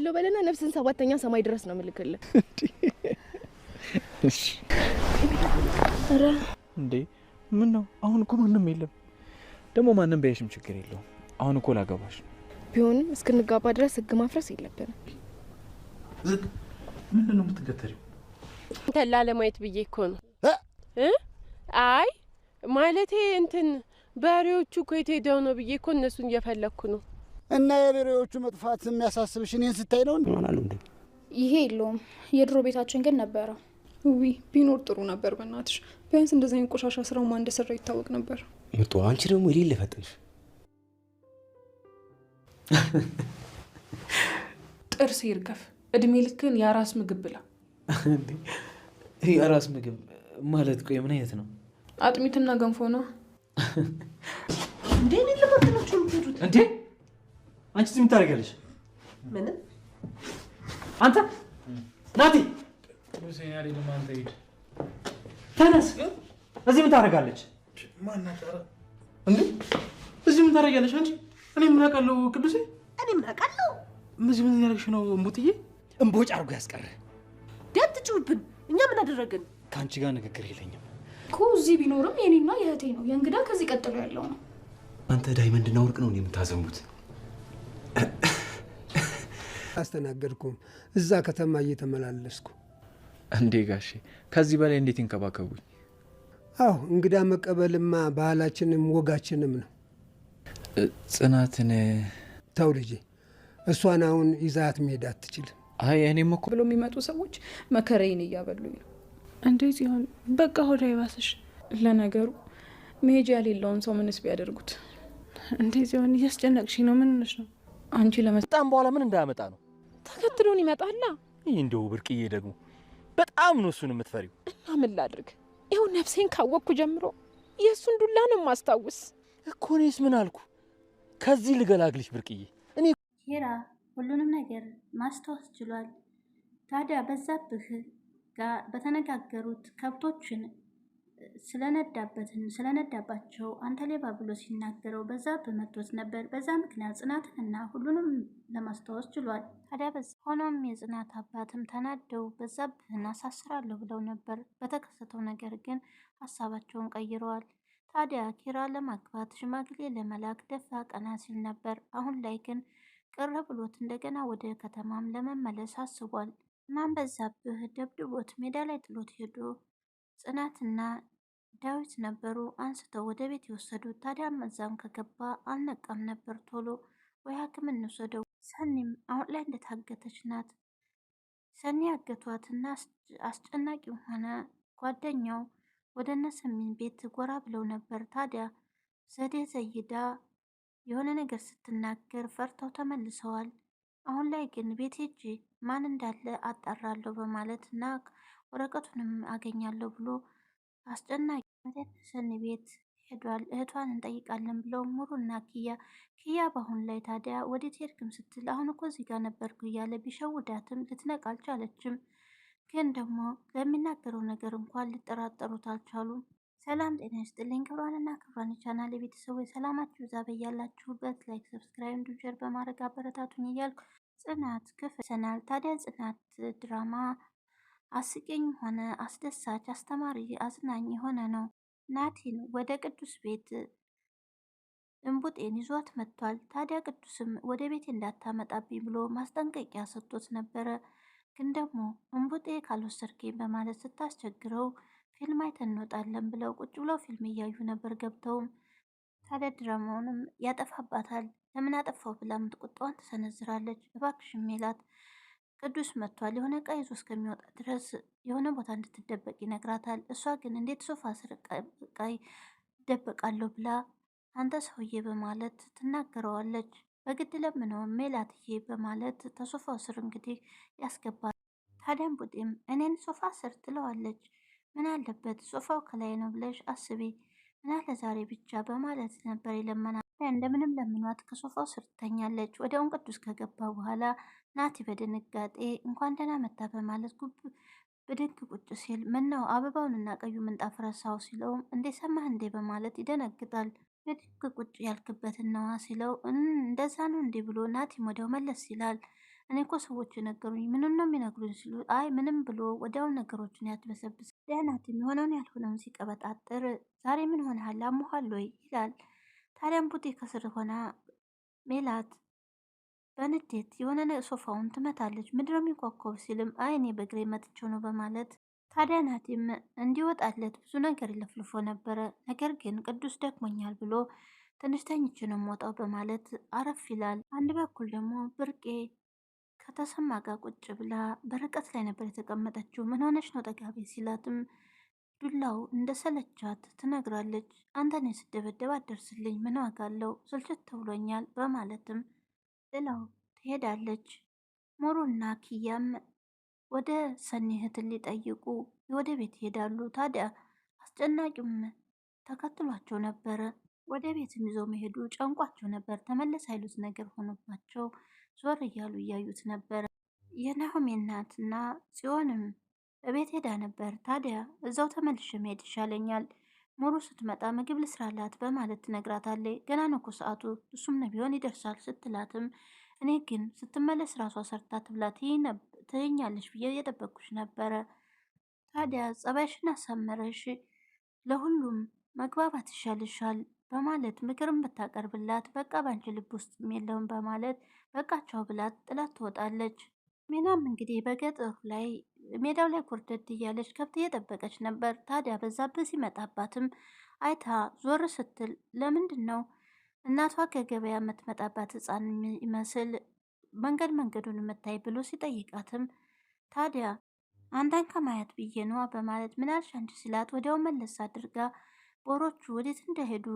አገባለሁ በለና ነፍስን ሰባተኛ ሰማይ ድረስ ነው ምልክልህ። እንዴ ምን ነው አሁን እኮ ማንም የለም። ደግሞ ማንም በየሽም ችግር የለውም። አሁን እኮ ላገባሽ ቢሆንም እስክንጋባ ድረስ ህግ ማፍረስ የለብንም። ምንድን ነው የምትገተሪው? እንትን ላለማየት ብዬ እኮ ነው። አይ ማለቴ እንትን በሬዎቹ እኮ የት ሄደው ነው ብዬ እኮ እነሱን እየፈለግኩ ነው። እና የበሬዎቹ መጥፋት የሚያሳስብሽ እኔን ስታይ ነው? ይሄ የለውም። የድሮ ቤታችን ግን ነበረ። ዊ ቢኖር ጥሩ ነበር። በእናትሽ ቢያንስ እንደዚህ አይነት ቆሻሻ ስራው ማ እንደሰራ ይታወቅ ነበር። ምጡ አንቺ ደግሞ የሌለ ፈጥንሽ። ጥርስ ይርከፍ፣ እድሜ ልክን የአራስ ምግብ ብላ። የአራስ ምግብ ማለት ቆይ ምን አይነት ነው? አጥሚትና ገንፎ ነው እንዴ? ሌለ ፈጥናቸው እንዴ አንቺ ዝም ታደርጊያለሽ? ምንም አንተ ናቲ ተነስ። እዚህ ምን ታደርጋለች? እንዴ እዚህ ምን ታደርጊያለሽ አንቺ? እኔ ምን አውቃለሁ ቅዱሴ፣ እኔ ምን አውቃለሁ። እዚህ ምን ያደረግሽ ነው እምቡጥዬ? እምቦጭ አድርጎ ያስቀረ ደት ጩብን። እኛ ምን አደረግን? ከአንቺ ጋር ንግግር የለኝም እኮ እዚህ ቢኖርም የኔና የእህቴ ነው። የእንግዳ ከዚህ ቀጥሎ ያለው ነው። አንተ ዳይመንድና ወርቅ ነው የምታዘንቡት አላስተናገድኩም። እዛ ከተማ እየተመላለስኩ እንዴ ጋሼ፣ ከዚህ በላይ እንዴት ይንከባከቡኝ? አዎ እንግዳ መቀበልማ ባህላችንም ወጋችንም ነው። ጽናትን ተው ልጄ፣ እሷን አሁን ይዛት መሄድ አትችልም። አይ እኔም እኮ ብሎ የሚመጡ ሰዎች መከረይን እያበሉኝ ነው። እንዴ ጽዮን፣ በቃ ሆዳ ይባስሽ። ለነገሩ መሄጃ የሌለውን ሰው ምንስ ቢያደርጉት። እንዴ ጽዮን፣ እያስጨነቅሽ ነው። ምንነሽ ነው አንቺ ለመጣም በኋላ ምን እንዳያመጣ ነው ተከትሎን ይመጣላ። ይህ እንደው ብርቅዬ ደግሞ በጣም ነው እሱን የምትፈሪው። እና ምን ላድርግ? ይኸው ነፍሴን ካወቅኩ ጀምሮ የእሱን ዱላ ነው የማስታውስ እኮ። እኔስ ምን አልኩ? ከዚህ ልገላግልሽ ብርቅዬ። እኔ ኪራ ሁሉንም ነገር ማስታወስ ችሏል። ታዲያ በዛብህ ጋር በተነጋገሩት ከብቶችን ስለነዳበትን ስለነዳባቸው አንተ ሌባ ብሎ ሲናገረው በዛ በመቶት ነበር። በዛ ምክንያት ጽናትንና ሁሉንም ለማስታወስ ችሏል። ታዲያ በዛ ሆኖም የጽናት አባትም ተናደው በዛብህን አሳስራለሁ ብለው ነበር። በተከሰተው ነገር ግን ሀሳባቸውን ቀይረዋል። ታዲያ ኪራ ለማግባት ሽማግሌ ለመላክ ደፋ ቀና ሲል ነበር። አሁን ላይ ግን ቅር ብሎት እንደገና ወደ ከተማም ለመመለስ አስቧል። እናም በዛብህ ደብድቦት ሜዳ ላይ ጥሎት ሄዶ ጽናትና ዳዊት ነበሩ አንስተው ወደ ቤት የወሰዱት። ታዲያም መዛም ከገባ አልነቃም ነበር። ቶሎ ወይ ሐኪም እንውሰደው። ሰኒም አሁን ላይ እንደታገተች ናት። ሰኒ ያገቷት እና ሆነ ጓደኛው ወደ ነሰሚን ቤት ጎራ ብለው ነበር። ታዲያ ዘዴ ዘይዳ የሆነ ነገር ስትናገር ፈርተው ተመልሰዋል። አሁን ላይ ግን ቤት ሄጄ ማን እንዳለ አጣራለሁ በማለት እና ወረቀቱንም አገኛለሁ ብሎ አስጨናቂ ወደ ሰኒ ቤት ሄዷል። እህቷን እንጠይቃለን ብለው ሙሩና ኪያ ኪያ በአሁን ላይ ታዲያ ወደ ቴርክም ስትል አሁን እኮ እዚህ ጋር ነበርኩ እያለ ቢሸውዳትም ልትነቃ አልቻለችም። ግን ደግሞ ለሚናገረው ነገር እንኳን ሊጠራጠሩት አልቻሉም። ሰላም ጤና ይስጥልኝ ክብሯንና ክብሯን የቻናል የቤተሰቦች ሰላማችሁ ዛበ ያላችሁበት ላይክ፣ ሰብስክራይብ እንዲሁም ሸር በማድረግ አበረታቱን እያልኩ ጽናት ክፍል ሰናል ታዲያ ጽናት ድራማ አስቂኝ ሆነ አስደሳች፣ አስተማሪ፣ አዝናኝ የሆነ ነው። ናቲን ወደ ቅዱስ ቤት እምቡጤን ይዟት መጥቷል። ታዲያ ቅዱስም ወደ ቤት እንዳታመጣብኝ ብሎ ማስጠንቀቂያ ሰጥቶት ነበረ። ግን ደግሞ እምቡጤ ካልወሰድከኝ በማለት ስታስቸግረው ፊልም አይተን እንወጣለን ብለው ቁጭ ብለው ፊልም እያዩ ነበር። ገብተውም ታዲያ ድራማውንም ያጠፋባታል። ለምን አጠፋው ብላ ምትቆጣዋን ትሰነዝራለች። እባክሽ ሜላት ቅዱስ መጥቷል፣ የሆነ ዕቃ ይዞ እስከሚወጣ ድረስ የሆነ ቦታ እንድትደበቅ ይነግራታል። እሷ ግን እንዴት ሶፋ ስር ዕቃ ይደበቃለሁ ብላ አንተ ሰውዬ በማለት ትናገረዋለች። በግድ ለምነው ሜላትዬ በማለት ከሶፋው ስር እንግዲህ ያስገባል። ታዲያም ቡጤም እኔን ሶፋ ስር ትለዋለች። ምን አለበት ሶፋው ከላይ ነው ብለሽ አስቤ ምናለ ዛሬ ብቻ በማለት ነበር የለመና እንደምንም ለምኗት ከሶፋው ስር ትተኛለች። ውን ቅዱስ ከገባ በኋላ ናቲ በድንጋጤ እንኳን ደህና መታ በማለት ጉብ ብድግ ቁጭ ሲል ምነው አበባውንና ቀዩ ምንጣፍ ረሳው ሲለውም እንዴ ሰማህ እንዴ በማለት ይደነግጣል። ብድግ ቁጭ ያልክበትን ነዋ ሲለው እንደዛ ነው እንዴ ብሎ ናቲም ወዲያው መለስ ይላል። እኔ እኮ ሰዎቹ የነገሩኝ ምንም ነው የሚነግሩኝ ሲሉ አይ ምንም ብሎ ወዲያው ነገሮችን ያትበሰብስ ለናቲም የሆነውን ያልሆነውን ሲቀበጣጥር ዛሬ ምን ሆነሃል አሞሃል ወይ ይላል። ታዲያም ቡጢ ከስር ሆና ሜላት በንዴት የሆነ ሶፋውን ትመታለች። ምድረም የሚኳኮብ ሲልም አይኔ በእግሬ መጥቼው ነው በማለት ታዲያ ናቲም እንዲወጣለት ብዙ ነገር ይለፍልፎ ነበረ። ነገር ግን ቅዱስ ደክሞኛል ብሎ ትንሽ ተኝቼ ነው የምወጣው በማለት አረፍ ይላል። አንድ በኩል ደግሞ ብርቄ ከተሰማ ጋር ቁጭ ብላ በርቀት ላይ ነበር የተቀመጠችው። ምን ሆነች ነው ጠጋቤ ሲላትም ዱላው እንደሰለቻት ትነግራለች። አንተን ስደበደብ አደርስልኝ ምን ዋጋለው ስልችት ተብሎኛል በማለትም ጥላው ትሄዳለች። ሞሮና ኪያም ወደ ሰኒ እህትን ሊጠይቁ ወደ ቤት ይሄዳሉ። ታዲያ አስጨናቂም ተከትሏቸው ነበረ። ወደ ቤትም ይዘው መሄዱ ጨንቋቸው ነበር። ተመለስ አይሉት ነገር ሆኖባቸው ዞር እያሉ እያዩት ነበረ። የናሆሜ እናትና ጽዮንም እቤት ሄዳ ነበር። ታዲያ እዛው ተመልሽ መሄድ ይሻለኛል፣ ሙሩ ስትመጣ ምግብ ልስራላት በማለት ትነግራታለች። ገና ነው እኮ ሰዓቱ፣ እሱም ቢሆን ይደርሳል ስትላትም እኔ ግን ስትመለስ ራሷ ሰርታ ትብላ ትይኛለሽ ብዬ የጠበቅኩሽ ነበረ። ታዲያ ጸባይሽን አሳምረሽ ለሁሉም መግባባት ይሻልሻል በማለት ምክርም ብታቀርብላት በቃ ባንቺ ልብ ውስጥ የለውም በማለት በቃቸው ብላት ጥላት ትወጣለች። ሜናም እንግዲህ በገጠሩ ላይ ሜዳው ላይ ኩርደድ እያለች ከብት እየጠበቀች ነበር። ታዲያ በዛብህ ሲመጣባትም አይታ ዞር ስትል ለምንድን ነው እናቷ ከገበያ የምትመጣባት ህፃን ይመስል መንገድ መንገዱን የምታይ ብሎ ሲጠይቃትም ታዲያ አንዳን ከማየት ብዬ ነዋ በማለት ምናልሽ አንቺ ሲላት ወዲያው መለስ አድርጋ ቦሮቹ ወዴት እንደሄዱ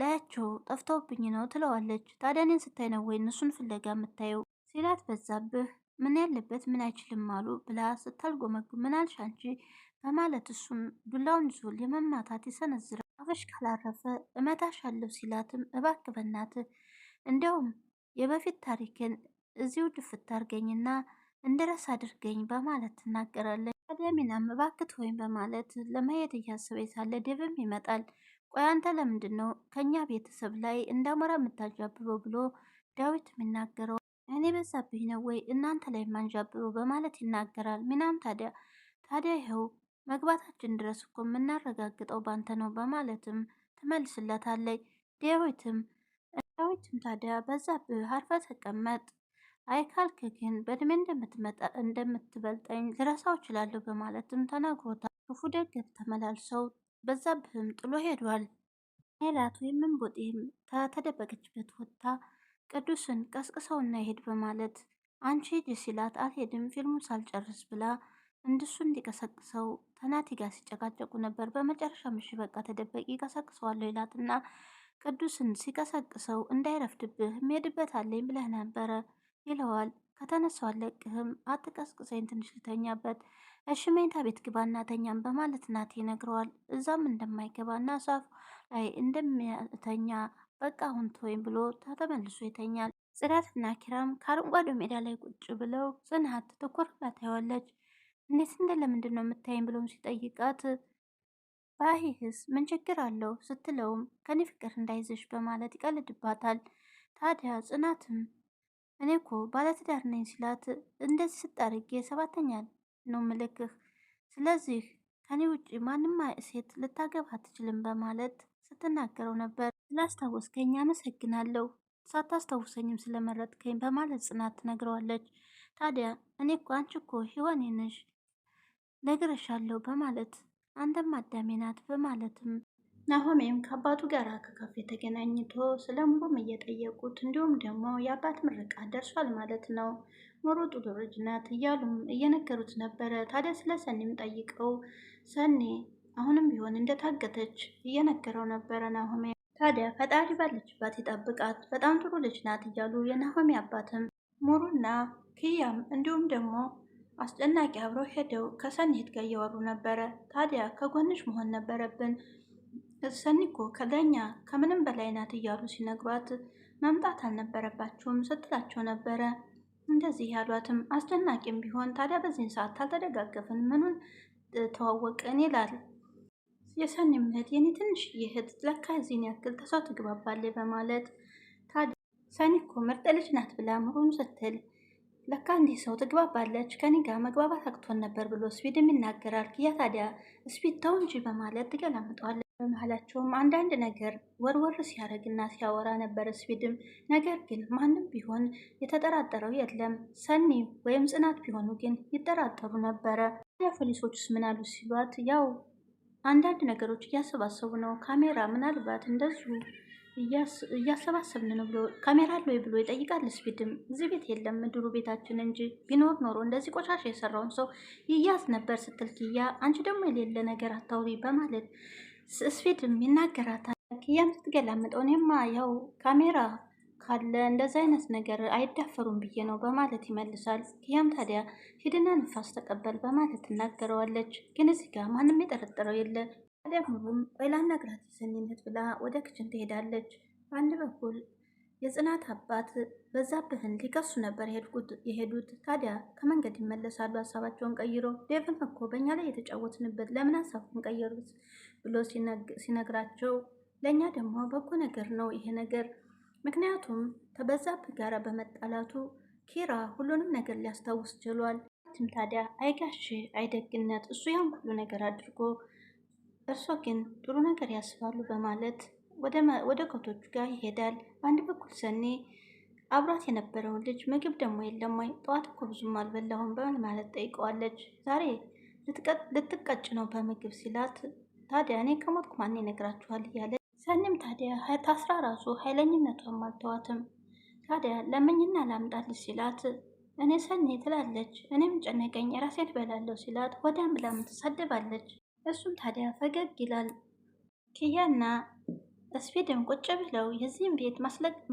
ላያቸው ጠፍተውብኝ ነው ትለዋለች። ታዲያ እኔን ስታይ ነው ወይ እነሱን ፍለጋ የምታየው ሲላት በዛብህ ምን ያለበት ምን አይችልም አሉ ብላ ስታልጎመጉ ምን አልሽ አንቺ በማለት እሱም ዱላውን ይዞ የመማታት የሰነዝረ አበሽ ካላረፈ እመታሻለሁ ሲላትም እባክህ በእናትህ እንዲያውም የበፊት ታሪክን እዚሁ ድፍት አድርገኝና እንድረስ አድርገኝ በማለት ትናገራለች። ቀደሚናም እባክት ወይም በማለት ለመሄድ እያሰበ ሳለ ድብም ይመጣል። ቆይ አንተ ለምንድን ነው ከእኛ ቤተሰብ ላይ እንዳሞራ የምታጃብበው ብሎ ዳዊት የሚናገረው እኔ በዛብኝ ነው ወይ እናንተ ላይ ማንዣብበው በማለት ይናገራል። ሚናም ታዲያ ታዲያ ይኸው መግባታችን ድረስ እኮ የምናረጋግጠው ባንተ ነው በማለትም ትመልስለታለይ። ዴሮይትም ዴሮይትም ታዲያ በዛብህ አርፈ ተቀመጥ፣ አይካልክ ግን በእድሜ እንደምትመጣ እንደምትበልጠኝ ልረሳው እችላለሁ በማለትም ተናግሮታል። ክፉ ደገፍ ተመላልሰው በዛብህም ጥሎ ሄዷል። ሜላት ወይም እምቦጤም ከተደበቀችበት ወጥታ ቅዱስን ቀስቅሰው ይሄድ በማለት አንቺ ሂጂ ሲላት አልሄድም ፊልሙን ሳልጨርስ ብላ እንድሱ እንዲቀሰቅሰው ተናቲ ጋር ሲጨቃጨቁ ነበር። በመጨረሻ ምሽ በቃ ተደበቂ ቀሰቅሰዋለሁ ይላትና ቅዱስን ሲቀሰቅሰው እንዳይረፍድብህ ሜድበት አለኝ ብለህ ነበረ ይለዋል። ከተነሳው አለቅህም፣ አትቀስቅሰኝ፣ ትንሽ ልተኛበት። እሺ መኝታ ቤት ግባ እናተኛም በማለት ናቴ ይነግረዋል። እዛም እንደማይገባ እና ሳፍ ላይ እንደሚተኛ በቃ አሁን ተወይም ብሎ ተመልሶ ይተኛል። ጽዳትና ኪራም ከአረንጓዴው ሜዳ ላይ ቁጭ ብለው ጽናት ትኩር ብላ ታየዋለች። እንዴት እንደ ለምንድን ነው የምታይኝ ብሎም ሲጠይቃት ባህይህስ ምን ችግር አለው ስትለውም ከኔ ፍቅር እንዳይዝሽ በማለት ይቀልድባታል። ታዲያ ጽናትም እኔ እኮ ባለትዳር ነኝ ሲላት እንደዚህ ስጣርጌ ሰባተኛ ነው ምልክህ፣ ስለዚህ ከኔ ውጭ ማንም ሴት ልታገባ አትችልም በማለት ስትናገረው ነበር። ስላስታወስከኝ አመሰግናለሁ፣ ሳታስታውሰኝም ስለመረጥከኝ በማለት ጽናት ትነግረዋለች። ታዲያ እኔ እኮ አንቺ እኮ ህይወኔ ነሽ ነግረሻለሁ በማለት አንድም አዳሜ ናት በማለትም ናሆሜም ከአባቱ ጋር ከካፌ ተገናኝቶ ስለ ሙሩም እየጠየቁት እንዲሁም ደግሞ የአባት ምርቃት ደርሷል ማለት ነው። ሙሩ ጥሩ ልጅ ናት እያሉም እየነገሩት ነበረ። ታዲያ ስለ ሰኒም ጠይቀው ሰኔ አሁንም ቢሆን እንደታገተች እየነገረው ነበረ ናሆሜ ታዲያ ፈጣሪ ባለችበት ይጠብቃት፣ በጣም ጥሩ ልጅ ናት እያሉ የናሆሚ አባትም ሙሩና ክያም እንዲሁም ደግሞ አስጨናቂ አብረው ሄደው ከሰኒት ጋር እየወሩ ነበረ። ታዲያ ከጎንሽ መሆን ነበረብን፣ ሰኒኮ ከዳኛ ከምንም በላይ ናት እያሉ ሲነግሯት መምጣት አልነበረባችሁም ስትላቸው ነበረ። እንደዚህ ያሏትም አስጨናቂም ቢሆን ታዲያ በዚህን ሰዓት አልተደጋገፍን፣ ምኑን ተዋወቅን ይላል። የሰኒ እህት የኔ ትንሽዬ እህት ለካ እዚህን ያክል ተሰው ትግባባለች በማለት ታዲያ ሰኒ እኮ ምርጥ ልጅ ናት ብላ ምሩን ስትል ለካ እንዲህ ሰው ትግባባለች ከኔ ጋር መግባባት አቅቶን ነበር ብሎ ስፒድም ይናገራል። ኪያ ታዲያ ስፒድ ተው እንጂ በማለት ትገላምጠዋለች። በመሀላቸውም አንዳንድ ነገር ወርወር ሲያደርግና ሲያወራ ነበር ስፒድም። ነገር ግን ማንም ቢሆን የተጠራጠረው የለም ሰኒ ወይም ጽናት ቢሆኑ ግን ይጠራጠሩ ነበረ። ፖሊሶቹስ ምን አሉ ሲሏት ያው አንዳንድ ነገሮች እያሰባሰቡ ነው። ካሜራ ምናልባት እንደዙ እያሰባሰብን ነው ብሎ ካሜራ አለ ወይ ብሎ ይጠይቃል። ስፒድም እዚህ ቤት የለም ድሩ ቤታችን እንጂ ቢኖር ኖሮ እንደዚህ ቆሻሻ የሰራውን ሰው ይያዝ ነበር ስትል ኪያ፣ አንቺ ደግሞ የሌለ ነገር አታውሪ በማለት ስፒድም ይናገራታል። ኪያም ስትገላምጠው እኔማ ያው ካሜራ ካለ እንደዚህ አይነት ነገር አይዳፈሩም ብዬ ነው በማለት ይመልሳል። ኪያም ታዲያ ሂድና ንፋስ ተቀበል በማለት ትናገረዋለች። ግን እዚህ ጋር ማንም የጠረጠረው የለ። ታዲያ ሙሉም ቆይላና ግራት ሰኝነት ብላ ወደ ክችን ትሄዳለች። በአንድ በኩል የጽናት አባት በዛብህን ሊከሱ ነበር የሄዱት። ታዲያ ከመንገድ ይመለሳሉ ሀሳባቸውን ቀይሮ ዴቭም እኮ በእኛ ላይ የተጫወትንበት ለምን ሀሳቡን ቀየሩት ብሎ ሲነግራቸው ለእኛ ደግሞ በጎ ነገር ነው ይሄ ነገር ምክንያቱም ከበዛብህ ጋር በመጣላቱ ኪራ ሁሉንም ነገር ሊያስታውስ ችሏል። ታዲያ አይጋሽ አይደግነት እሱ ያን ሁሉ ነገር አድርጎ እርሶ ግን ጥሩ ነገር ያስባሉ በማለት ወደ ከቶቹ ጋር ይሄዳል። በአንድ በኩል ሰኔ አብሯት የነበረውን ልጅ ምግብ ደግሞ የለም ወይ ጠዋት እኮ ብዙም አልበላሁም በማለት ጠይቀዋለች። ዛሬ ልትቀጭ ነው በምግብ ሲላት ታዲያ እኔ ከሞትኩ ማን ይነግራችኋል እያለች ሰኒም ታዲያ ታስራ ራሱ ኃይለኝነቷም አልተዋትም። ታዲያ ለምኝና ላምጣልሽ ሲላት እኔ ሰኒ ትላለች። እኔም ጨነቀኝ ራሴን በላለሁ ሲላት ወዲያም ብላም ትሳደባለች። እሱም ታዲያ ፈገግ ይላል። ክያና ስፒድም ቁጭ ብለው የዚህም ቤት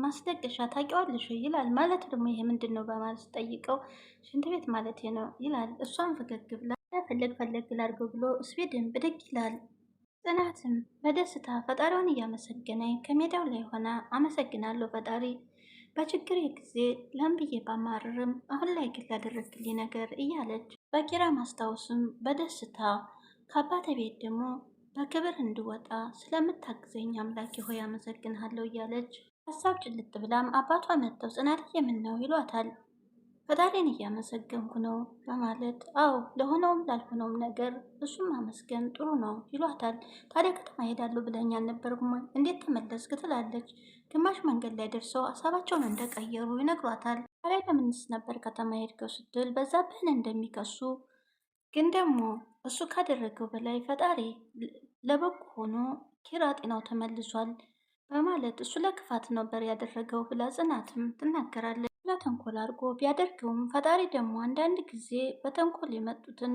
ማስለቀሻ ታውቂዋለሽ ይላል። ማለት ደግሞ ይሄ ምንድን ነው በማለት ስጠይቀው ሽንት ቤት ማለት ነው ይላል። እሷም ፈገግ ብላ ፈለግ ፈለግ ላድርገው ብሎ ስፒድም ብድግ ይላል። ጽናትም በደስታ ፈጣሪውን እያመሰገነ ከሜዳው ላይ ሆና አመሰግናለሁ ፈጣሪ፣ በችግሬ ጊዜ ለምብዬ ባማርርም አሁን ላይ ግን ላደረግልኝ ነገር እያለች በኪራ ማስታወስም በደስታ ከአባተ ቤት ደግሞ በክብር እንድወጣ ስለምታግዘኝ አምላኪ ሆይ አመሰግንሃለሁ እያለች ሀሳብ ጭልጥ ብላም አባቷ መጥተው ጽናት ምን ነው ይሏታል። ፈጣሪን እያመሰገንኩ ነው በማለት አዎ ለሆነውም ላልሆነውም ነገር እሱም ማመስገን ጥሩ ነው ይሏታል። ታዲያ ከተማ ሄዳለሁ ብለኸኝ አልነበረም ወይ? እንዴት ተመለስክ? ትላለች። ግማሽ መንገድ ላይ ደርሰው ሀሳባቸውን እንደቀየሩ ይነግሯታል። ታዲያ ለምንስ ነበር ከተማ ሄድከው? ስትል በዛብህን እንደሚከሱ ግን ደግሞ እሱ ካደረገው በላይ ፈጣሪ ለበጎ ሆኖ ኪራ ጤናው ተመልሷል በማለት እሱ ለክፋት ነበር ያደረገው ብላ ጽናትም ትናገራለች። ተንኮል አድርጎ ቢያደርገውም ፈጣሪ ደግሞ አንዳንድ ጊዜ በተንኮል የመጡትን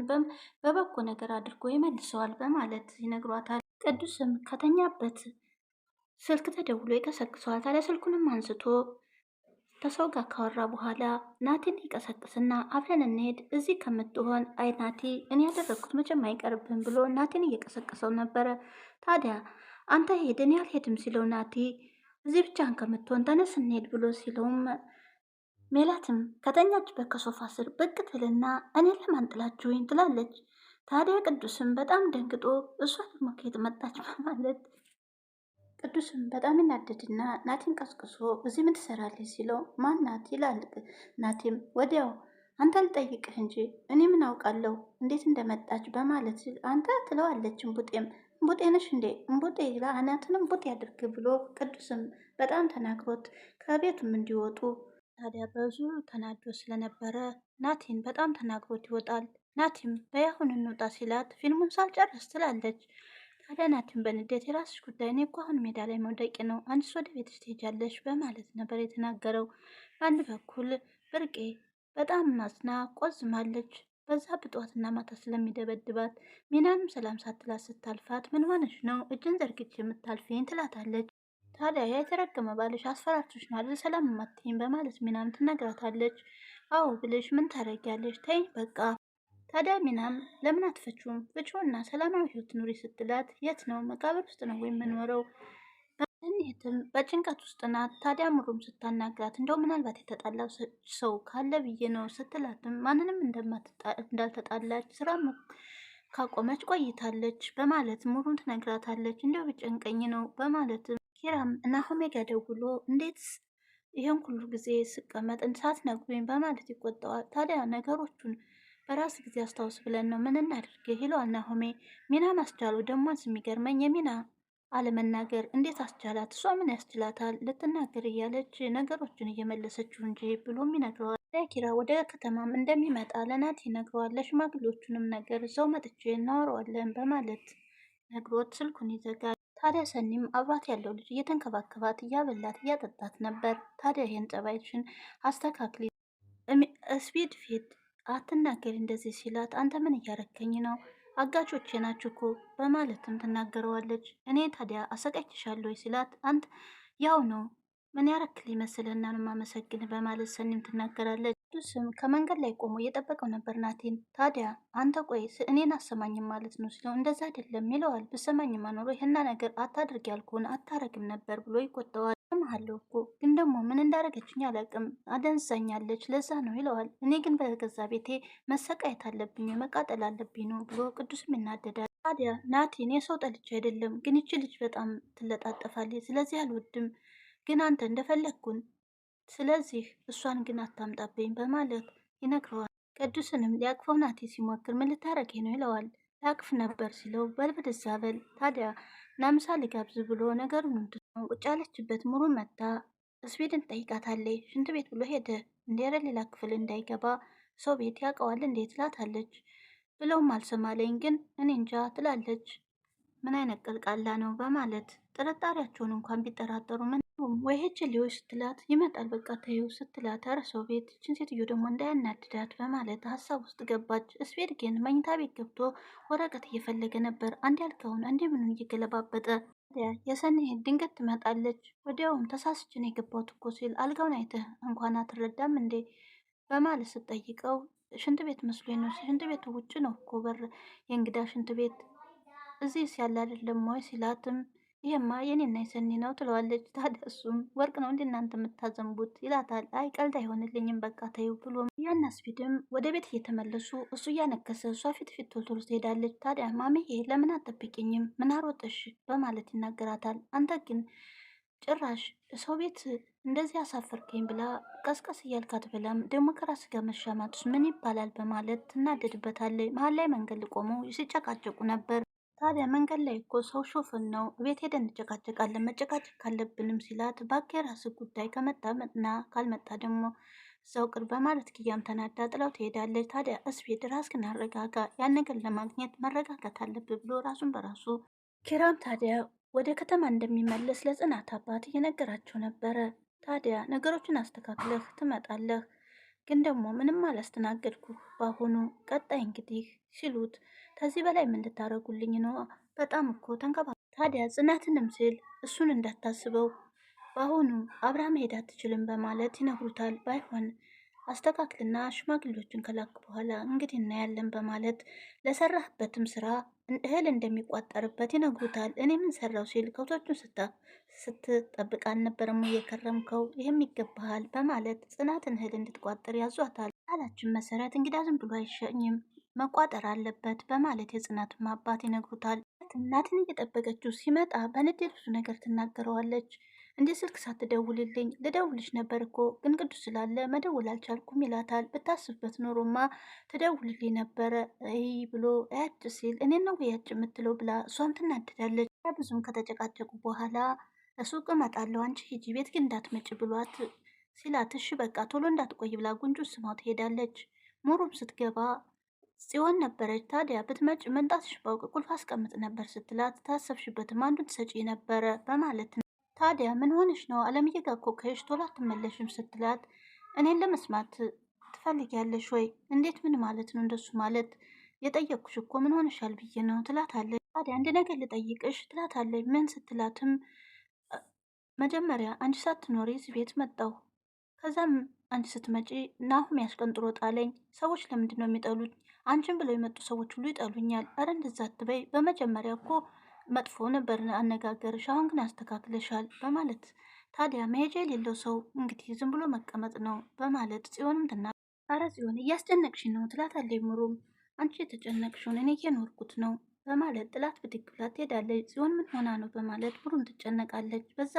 በበጎ ነገር አድርጎ ይመልሰዋል በማለት ይነግሯታል። ቅዱስም ከተኛበት ስልክ ተደውሎ ይቀሰቅሰዋል። ታዲያ ስልኩንም አንስቶ ከሰው ጋር ካወራ በኋላ ናቲን ይቀሰቅስና አብረን እንሄድ እዚህ ከምትሆን አይ ናቲ እኔ ያደረግኩት መቼም አይቀርብም ብሎ ናቲን እየቀሰቀሰው ነበረ። ታዲያ አንተ ሄድ እኔ አልሄድም ሲለው ናቲ እዚህ ብቻን ከምትሆን ተነስ እንሄድ ብሎ ሲለውም ሜላትም ከተኛችበት ከሶፋ ስር ብቅ ትልና እኔ ለማንጥላችሁ ወይን ትላለች። ታዲያ ቅዱስም በጣም ደንግጦ እሷ ደግሞ ከየት መጣች በማለት ቅዱስም በጣም ይናደድና ናቲን ቀስቅሶ እዚህ ምን ትሰራለች ሲለው ማናት ይላል። ናቲም ወዲያው አንተ ልጠይቅህ እንጂ እኔ ምን አውቃለሁ እንዴት እንደመጣች በማለት አንተ ትለዋለች። እምቡጤም እምቡጤ ነሽ እንዴ እምቡጤ ይላ አናትንም ያድርግ ብሎ ቅዱስም በጣም ተናግሮት ከቤቱም እንዲወጡ ታዲያ በዙ ተናዶ ስለነበረ ናቲን በጣም ተናግሮት ይወጣል። ናቲም በያሁን እንውጣ ሲላት ፊልሙን ሳልጨርስ ትላለች። ታዲያ ናቲም በንዴት የራስሽ ጉዳይ፣ እኔ እኮ አሁን ሜዳ ላይ መውደቂ ነው፣ አንቺስ ወደ ቤትሽ ትሄጃለሽ በማለት ነበር የተናገረው። በአንድ በኩል ብርቄ በጣም ማዝና ቆዝማለች። በዛ ብጧትና ማታ ስለሚደበድባት ሚናንም ሰላም ሳትላት ስታልፋት ምን ሆነሽ ነው እጅን ዘርግቼ የምታልፊኝ ትላታለች። ታዲያ ያ የተረገመ ባልሽ አስፈራርቶሽ ነው አይደል ሰላም ማትኝ በማለት ሚናም ትነግራታለች። አዎ ብልሽ ምን ታደርጊያለሽ? ተይኝ በቃ። ታዲያ ሚናም ለምን አትፈችውም? ፍችውና ሰላማዊ ህይወት ኑሪ ስትላት የት ነው መቃብር ውስጥ ነው ወይም የምኖረው እኒህትም በጭንቀት ውስጥ ናት። ታዲያ ምሩም ስታናግራት እንደው ምናልባት የተጣላው ሰው ካለ ብዬ ነው ስትላትም ማንንም እንዳልተጣላች ስራ ካቆመች ቆይታለች በማለት ምሩም ትነግራታለች። እንደው ብጨንቀኝ ነው በማለት ኪራም ናሆሜ ጋ ደውሎ እንዴት ይህን ሁሉ ጊዜ ስቀመጥ ሳትነግሩኝ በማለት ይቆጣዋል። ታዲያ ነገሮቹን በራስ ጊዜ አስታውስ ብለን ነው ምን እናድርግ ይለዋል ናሆሜ። ሚና ማስቻሉ ደግሞ የሚገርመኝ የሚና አለመናገር እንዴት አስቻላት? እሷ ምን ያስችላታል ልትናገር እያለች ነገሮችን እየመለሰችው እንጂ ብሎም ይነግረዋል። ኪራ ወደ ከተማም እንደሚመጣ ለናት ይነግረዋል። ለሽማግሌዎቹንም ነገር እዛው መጥቼ እናወራዋለን በማለት ነግሮት ስልኩን ይዘጋል። ታዲያ ሰኒም አብሯት ያለው ልጅ እየተንከባከባት እያበላት እያጠጣት ነበር። ታዲያ ይህን ጸባይሽን አስተካክሊ፣ ስፒድ ፊት አትናገሪ እንደዚህ ሲላት፣ አንተ ምን እያረከኝ ነው? አጋቾቼ ናችሁ እኮ በማለትም ትናገረዋለች። እኔ ታዲያ አሰቃይሻለሁ ሲላት፣ አንተ ያው ነው ምን ያረክል ይመስልና ነው ማመሰግን በማለት ሰኒም ትናገራለች። ቅዱስም ከመንገድ ላይ ቆሞ እየጠበቀው ነበር ናቲን። ታዲያ አንተ ቆይ እኔን አሰማኝም ማለት ነው ሲለው እንደዛ አይደለም ይለዋል። ብሰማኝማ ኖሮ ይህና ነገር አታድርግ ያልኩህን አታረግም ነበር ብሎ ይቆጠዋል። እሰማሃለሁ እኮ ግን ደግሞ ምን እንዳረገችኝ አላውቅም፣ አደንዛኛለች ለዛ ነው ይለዋል። እኔ ግን በገዛ ቤቴ መሰቃየት አለብኝ መቃጠል አለብኝ ነው ብሎ ቅዱስም ይናደዳል። ታዲያ ናቲን የሰው ጠልቻ አይደለም ግን ይቺ ልጅ በጣም ትለጣጠፋለች፣ ስለዚህ አልወድም ግን አንተ እንደፈለግኩን፣ ስለዚህ እሷን ግን አታምጣብኝ በማለት ይነግረዋል። ቅዱስንም ሊያቅፈው ናቲ ሲሞክር ምን ልታረጌ ነው ይለዋል። ያቅፍ ነበር ሲለው በልብድዛ በል ታዲያ ናምሳ ጋብዝ ብሎ ነገሩን እንድትሆን ቁጭ ያለችበት ሙሩ መታ እስቤድን ጠይቃታለች። ሽንት ቤት ብሎ ሄደ እንዴረ ሌላ ክፍል እንዳይገባ ሰው ቤት ያውቀዋል እንዴት ትላታለች። ብለውም አልሰማለኝ ግን እኔ እንጃ ትላለች። ምን አይነት ቀልቃላ ነው በማለት ጥርጣሬያቸውን እንኳን ቢጠራጠሩ ምን ወይ ሂጅ ሊሆን ስትላት ይመጣል በቃ ተይው ስትላት ኧረ ቤት ይችን ሴትዮ ደግሞ እንዳያናድዳት በማለት ሀሳብ ውስጥ ገባች። እስፔድ ግን መኝታ ቤት ገብቶ ወረቀት እየፈለገ ነበር። አንድ ያልከውን እንደ ምኑን እየገለባበጠ የሰኔ ድንገት ትመጣለች። ወዲያውም ተሳስችን የገባሁት እኮ ሲል አልጋውን አይተህ እንኳን አትረዳም እንዴ በማለት ስጠይቀው ሽንት ቤት መስሎ ነው፣ ሽንት ቤቱ ውጭ ነው እኮ በር የእንግዳ ሽንት ቤት እዚህ ሲያለ አይደለም ወይ ሲላትም ይሄማ የኔና የሰኒ ነው ትለዋለች። ታዲያ እሱም ወርቅ ነው እንደ እናንተ የምታዘንቡት ይላታል። አይ ቀልድ አይሆንልኝም በቃ ተይው ብሎ ያን አስፊድም ወደ ቤት እየተመለሱ እሱ እያነከሰ እሷ ፊት ፊት ቶሎ ትሄዳለች። ታዲያ ማሜሄ ለምን አጠብቂኝም ምን አሮጠሽ በማለት ይናገራታል። አንተ ግን ጭራሽ ሰው ቤት እንደዚህ አሳፈርከኝ ብላ ቀስቀስ እያልካት ብላም ደግሞ ከራስ ጋር መሻማቱስ ምን ይባላል በማለት ትናደድበታለች። መሀል ላይ መንገድ ቆመው ሲጨቃጨቁ ነበር። ታዲያ መንገድ ላይ እኮ ሰው ሾፍን ነው ቤት ሄደን እንጨቃጨቃለን። መጨቃጨቅ ካለብንም ሲላት ባክ የራስ ጉዳይ መጥና ካልመጣ ደግሞ ሰው ቅር በማለት ኪያም ተናዳ ጥለው ትሄዳለች። ታዲያ እስቤድ ራስህን አረጋጋ፣ ያን ነገር ለማግኘት መረጋጋት አለብ ብሎ ራሱን በራሱ ኪራም ታዲያ ወደ ከተማ እንደሚመለስ ለጽናት አባት እየነገራቸው ነበረ። ታዲያ ነገሮችን አስተካክለህ ትመጣለህ ግን ደግሞ ምንም አላስተናገድኩ በአሁኑ ቀጣይ እንግዲህ ሲሉት ከዚህ በላይ ምን ልታደርጉልኝ ነው? በጣም እኮ ተንከባ ታዲያ ጽናትንም ሲል እሱን እንዳታስበው በአሁኑ አብራ መሄድ አትችልም በማለት ይነግሩታል። ባይሆን አስተካክልና ሽማግሌዎችን ከላክ በኋላ እንግዲህ እናያለን በማለት ለሰራህበትም ስራ እህል እንደሚቋጠርበት ይነግሩታል። እኔ ምን ሰራው ሲል ከብቶቹን ስትጠብቅ አልነበረም እየከረምከው ይህም ይገባሃል በማለት ጽናትን እህል እንድትቋጠር ያዟታል። ቃላችን መሰረት እንግዳ ዝም ብሎ አይሸኝም መቋጠር አለበት በማለት የጽናትም አባት ይነግሩታል። እናትን እየጠበቀችው ሲመጣ በንዴት ብዙ ነገር ትናገረዋለች። እንደ ስልክ ሳትደውልልኝ ልደውልሽ ነበር እኮ ግን ቅዱስ ስላለ መደወል አልቻልኩም ይላታል። ብታስብበት ኖሮማ ትደውልልኝ ነበረ ይ ብሎ ያጭ ሲል እኔ ነው ያጭ የምትለው ብላ እሷም ትናደዳለች። ብዙም ከተጨቃጨቁ በኋላ ሱቅ እመጣለሁ አንቺ ሂጂ ቤት ግን እንዳትመጭ ብሏት ሲላት እሺ በቃ ቶሎ እንዳትቆይ ብላ ጉንጁ ስማው ትሄዳለች። ሙሩም ስትገባ ጽዮን ነበረች። ታዲያ ብትመጭ መምጣትሽ ባውቅ ቁልፍ አስቀምጥ ነበር ስትላት ታሰብሽበትም አንዱን ትሰጪ ነበረ በማለት ነው። ታዲያ ምን ሆነሽ ነው? አለምዬ ጋ እኮ ከሄድሽ ቶሎ አትመለሽም ስትላት እኔን ለመስማት ትፈልጊያለሽ ወይ? እንዴት ምን ማለት ነው እንደሱ ማለት? የጠየቅኩሽ እኮ ምን ሆነሻል ብዬ ነው ትላታለች። ታዲያ አንድ ነገር ልጠይቅሽ ትላታለች። ምን ስትላትም መጀመሪያ አንቺ ሳትኖሪ እዚህ ቤት መጣሁ። ከዛም አንቺ ስትመጪ ናሁም ያስቀንጥሮ ጣለኝ። ሰዎች ለምንድን ነው የሚጠሉኝ? አንቺን ብለው የመጡ ሰዎች ሁሉ ይጠሉኛል። አረ እንደዛ አትበይ። በመጀመሪያ እኮ መጥፎ ነበር አነጋገርሽ፣ አሁን ግን አስተካክለሻል በማለት ታዲያ መሄጃ የሌለው ሰው እንግዲህ ዝም ብሎ መቀመጥ ነው በማለት ጽዮንም ትና አረ ጽዮን እያስጨነቅሽ ነው ትላታለች። ምሩም አንቺ የተጨነቅሽውን እኔ እየኖርኩት ነው በማለት ጥላት ብድግ ብላ ትሄዳለች። ጽዮን ምን ሆና ነው በማለት ምሩም ትጨነቃለች። በዛ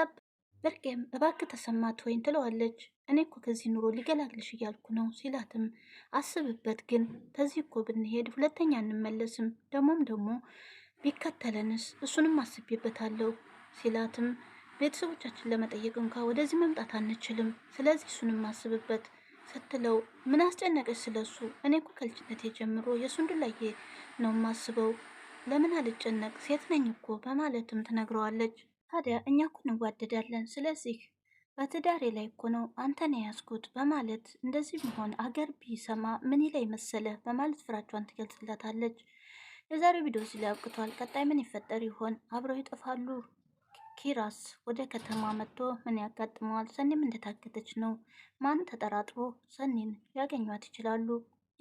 ብርቄም እባክህ ተሰማት ወይን ትለዋለች። እኔ እኮ ከዚህ ኑሮ ሊገላግልሽ እያልኩ ነው ሲላትም አስብበት፣ ግን ከዚህ እኮ ብንሄድ ሁለተኛ አንመለስም፣ ደግሞም ደግሞ ቢከተለንስ? እሱንም አስቤበታለሁ ሲላትም ቤተሰቦቻችን ለመጠየቅ እንኳ ወደዚህ መምጣት አንችልም፣ ስለዚህ እሱንም አስብበት ስትለው ምን አስጨነቀች ስለሱ? እኔ እኮ ከልጅነቴ ጀምሮ የእሱን ዱላዬ ነው የማስበው፣ ለምን አልጨነቅ? ሴት ነኝ እኮ በማለትም ትነግረዋለች። ታዲያ እኛ እኮ እንዋደዳለን፣ ስለዚህ በትዳሬ ላይ እኮ ነው አንተን የያዝኩት በማለት እንደዚህ መሆን አገር ቢሰማ ምን ይለኝ መሰለህ በማለት ፍራቿን ትገልጽላታለች። የዛሬው ቪዲዮ እዚህ ላይ አብቅቷል። ቀጣይ ምን ይፈጠር ይሆን? አብረው ይጠፋሉ? ኪራስ ወደ ከተማ መጥቶ ምን ያጋጥመዋል? ሰኒም እንደታገተች ነው። ማን ተጠራጥሮ ሰኒን ሊያገኟት ይችላሉ?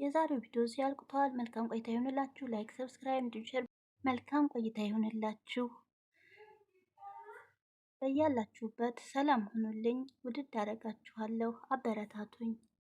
የዛሬው ቪዲዮ እዚህ አብቅቷል። መልካም ቆይታ ይሆንላችሁ። ላይክ፣ ሰብስክራይብ እንዲሁም ሼር። መልካም ቆይታ ይሆንላችሁ። በያላችሁበት ሰላም ሁኑልኝ። ውድድ አደርጋችኋለሁ። አበረታቱኝ።